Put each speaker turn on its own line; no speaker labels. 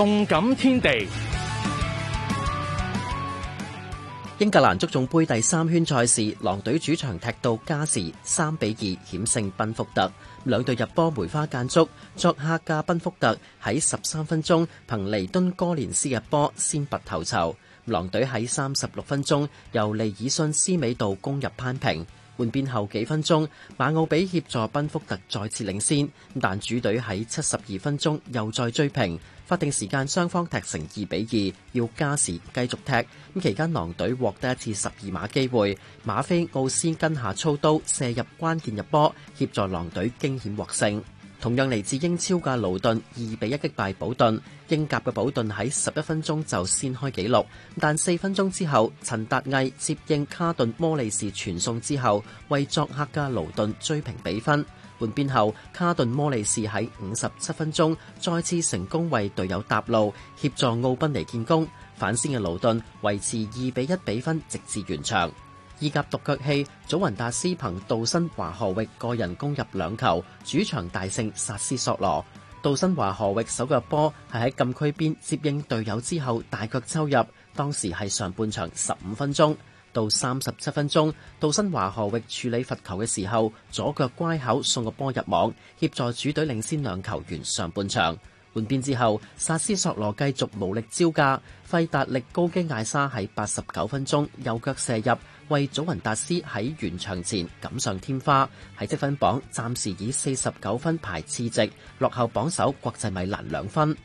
動感天地，英格蘭足總盃第三圈賽事，狼隊主場踢到加時三比二險勝賓福特，兩隊入波梅花間竹，作客加賓福特喺十三分鐘憑尼敦哥連斯入波先拔頭籌，狼隊喺三十六分鐘由利爾遜斯美度攻入扳平。換邊後幾分鐘，馬奧比協助賓福特再次領先，但主隊喺七十二分鐘又再追平，法定時間雙方踢成二比二，要加時繼續踢。咁期間狼隊獲得一次十二碼機會，馬菲奧斯跟下操刀射入關鍵入波，協助狼隊驚險獲勝。同樣嚟自英超嘅勞頓二比一擊敗保頓，英甲嘅保頓喺十一分鐘就先開紀錄，但四分鐘之後，陳達毅接應卡頓摩利士傳送之後，為作客嘅勞頓追平比分。換邊後，卡頓摩利士喺五十七分鐘再次成功為隊友搭路，協助奧賓尼建功。反先嘅勞頓維持二比一比分直至完場。意甲獨腳戲，祖雲達斯憑杜新華河域個人攻入兩球，主場大勝薩斯索羅。杜新華河域首腳波係喺禁區邊接應隊友之後大腳抽入，當時係上半場十五分鐘。到三十七分鐘，杜新華河域處理罰球嘅時候，左腳乖巧送個波入網，協助主隊領先兩球完上半場。換邊之後，薩斯索羅繼續無力招架，費達力高基艾莎喺八十九分鐘右腳射入，為祖雲達斯喺完場前錦上添花，喺積分榜暫時以四十九分排次席，落後榜首國際米蘭兩分。